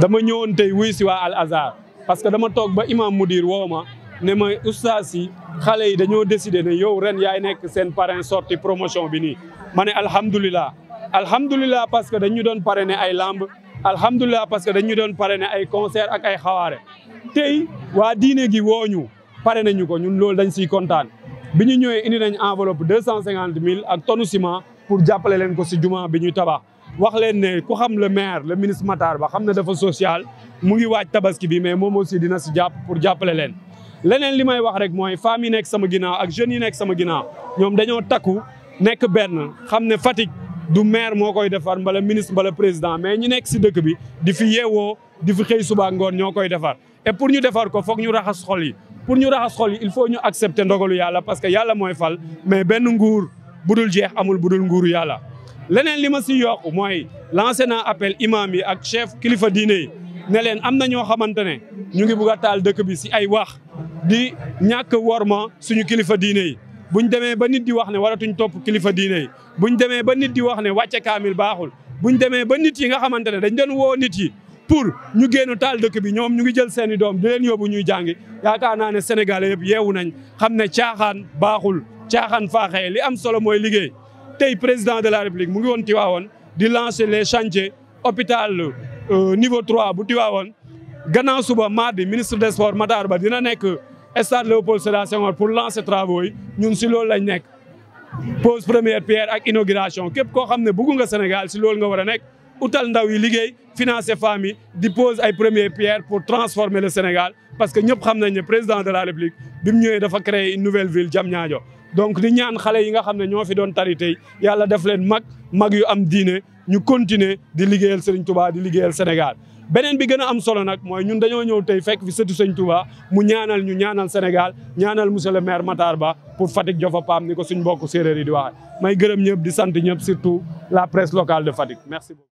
dama ñëwoon tey wuy si waa Al Azhar parce que dama toog ba imam mudir woo ma ne ma ustaas yi xale yi dañoo décidé ne yow ren yaay nekk seen parrain sortie promotion bi nii ma ne alhamdulilah alhamdulilah parce que dañu doon parrainer ay lamb alhamdulilah parce que dañu doon parrainer ay concert ak ay xawaare tey waa diine gi wooñu pare nañu ko ñun loolu dañ siy kontaan bi ñu ñëwee indi nañ enveloppe deux cent cinquante mille ak tonne ciment pour jàppale leen ko si jumaa bi ñu tabax wax leen ne ku xam le maire la ministre Matar Ba xam ne dafa social mu ngi waaj tabaski bi mais moom aussi dina si jàpp pour jàppale leen. leneen li may wax rek mooy femmes yi nekk sama ginnaaw ak jeunes yi nekk sama ginnaaw ñoom dañoo takku nekk benn xam ne Fatick du maire moo koy defar mbala ministre mbala président mais ñu nekk si dëkk bi di fi yeewoo di fi xëy suba ngoon ñoo koy defar. et pour ñu defar ko foog ñu raxas xol yi pour ñu raxas xol yi il faut ñu accepter ndogalu yàlla parce que yàlla mooy fal mais benn nguur budul jeex amul budul nguuru yàlla. leneen li ma si yokk mooy lancé naa appel imam yi ak chef kilifa diine yi ne leen am na ñoo xamante ne ñu ngi bugg a taal dëkk bi si ay wax di ñàkk worma suñu kilifa diine yi bu ñu demee ba nit di wax ne waratuñ topp kilifa diine yi ñu demee ba nit di wax ne wàcce kaamil baaxul bu ñu demee ba nit yi nga xamante ne dañ doon woo nit yi pour ñu génn taal dëkk bi ñoom ñu ngi jël seeni doom di leen yóbbu ñuy jàngi yaakaar naa ne sénégalais yëpp yeewu nañ xam ne caaxaan baaxul caaxaan faaxee li am solo mooy liggéey tey président de la république mu ngi woon Tivaouane di lancer les chantiers hôpital euh, niveau 3 bu Tivaouane gannaaw suba mardi ministre des sports Matar Ba dina nekk stade Léopold Sédar Senghor pour lancer travaux yi ñun si loolu lañ nekk. pose première pierre ak inauguration képp koo xam ne bëgg nga Sénégal si loolu nga war a nekk utal ndaw yi liggéey financer famille di pose ay premier pierre pour transformer le Sénégal parce que ñëpp xam nañ ne président de la république bi mu ñëwee dafa créer une nouvelle ville donc di ñaan xale yi nga xam ne ñoo fi doon tari tey yàlla def leen mag mag yu am diine ñu continuer di liggéeyal Serigne Touba di liggéeyal Sénégal. beneen bi gën a am solo nag mooy ñun dañoo ñëw tey fekk fi sëtu Sëñ Touba mu ñaanal ñu ñaanal Sénégal ñaanal monsieur le maire Matar Ba pour Fatick Jofa Paam ni ko suñ mbokk séeréer yi di waxee may gërëm ñëpp di sant ñëp surtout la presse locale de Fatick merci beaucoup.